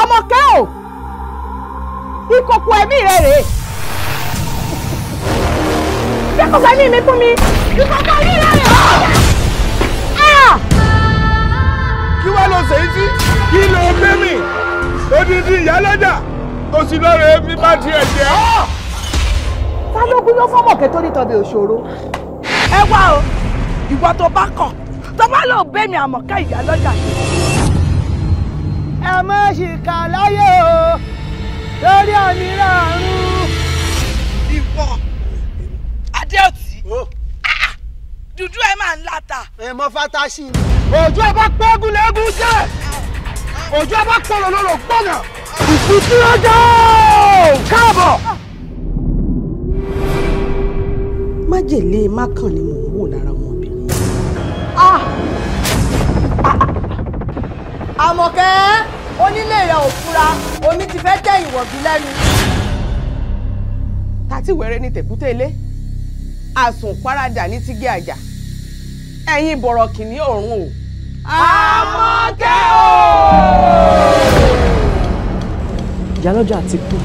Àmọ̀kẹ́ o ìkòkò ẹ̀mí rẹ̀ rèé ìkòkò ẹ̀mí mi fún mi ìkòkò ẹ̀mí rẹ̀ rèé. Ah! kí wàá lọ sèé sí kí ló gbé mi odidi ìyálẹ́jà òsì lọ́rọ̀ èmi bá tiẹ̀ jẹ́ ọ́. Ah! ta ló gún yóò fọ́mọ̀kẹ́ tó nítorí òṣòro. ẹ wá o ìwọ tó bá kọ̀ tó bá lọ bẹ́ẹ̀ mi Àmọ̀kẹ́ ìyálọ́jà yìí má ṣìkà láyé o lórí àmì ràrùn. ìwọ adéòtí ah, dúdú ẹ máa ń láta. ẹ mọ fata sí i. òjò ẹ bá pẹ́gùn lẹ́gùn jẹ́ òjò ẹ bá pọ̀lọ̀ lọ́rọ̀ gbọ́nà ìfúsí ọjọ́ káàbọ̀. májèlé mákàn ni mò ń wò lára ọmọbìnrin. Ah! Ah, àmọ̀kẹ́ onílé rẹ̀ ò fura omi ti fẹ́ tẹ ìwọ̀bí lẹ́nu. tàtí wẹ̀rẹ̀ ni tẹ̀kútẹ́ ilé àsùn paradà ní tígé àjà ẹ̀yin bọ̀rọ̀ kìíní ọ̀run o. àmọ́kẹ́ o. ìyálọ́jà ti kú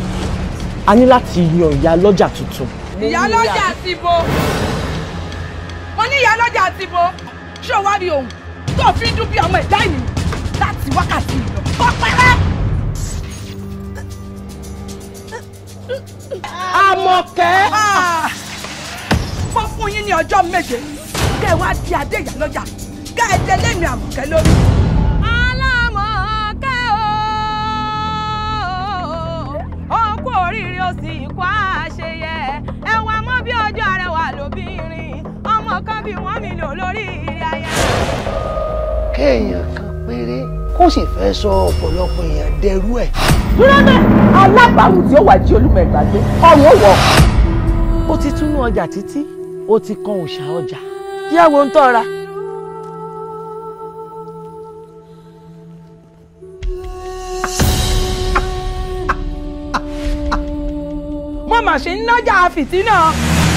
a ní láti yan ìyálọ́jà tuntun. ìyálọ́jà ti bo mo ní ìyálọ́jà ti bo ṣé o wá rí ohun tó fi ń dún bí ọmọ ẹ̀dá ènìyàn láti wákàtí ìlọ ọpẹlẹ. Àmọ̀kẹ́. wọ́n ah. fún yín ní ọjọ́ méje kẹ́ ẹ wá di adé ìyálọ́jà kẹ́ ẹ jẹ lẹ́mìí Àmọ̀kẹ́ lórí. Àlàmọ̀kẹ́ o ó kú oríire ó sì kú àṣeyẹ ẹ wà mọ́ bí ọjọ́ arẹwà lóbìnrin ọmọ kan bí wọ́n mi lò lórí ilé ayé. kéèyàn ó sì fẹ́ sọ ọ̀pọ̀lọpọ̀ èèyàn dẹrú ẹ̀. dúrọ́dẹ̀ alábàárù tí ó wà jí olúmọ ẹ̀gbá gbé ọ̀run ó wọ̀. ó ti túnú ọjà títí ó ti kan òòṣà ọjà yàwó ń tọ́ra. mo mà ṣe ń nájà fìtínà.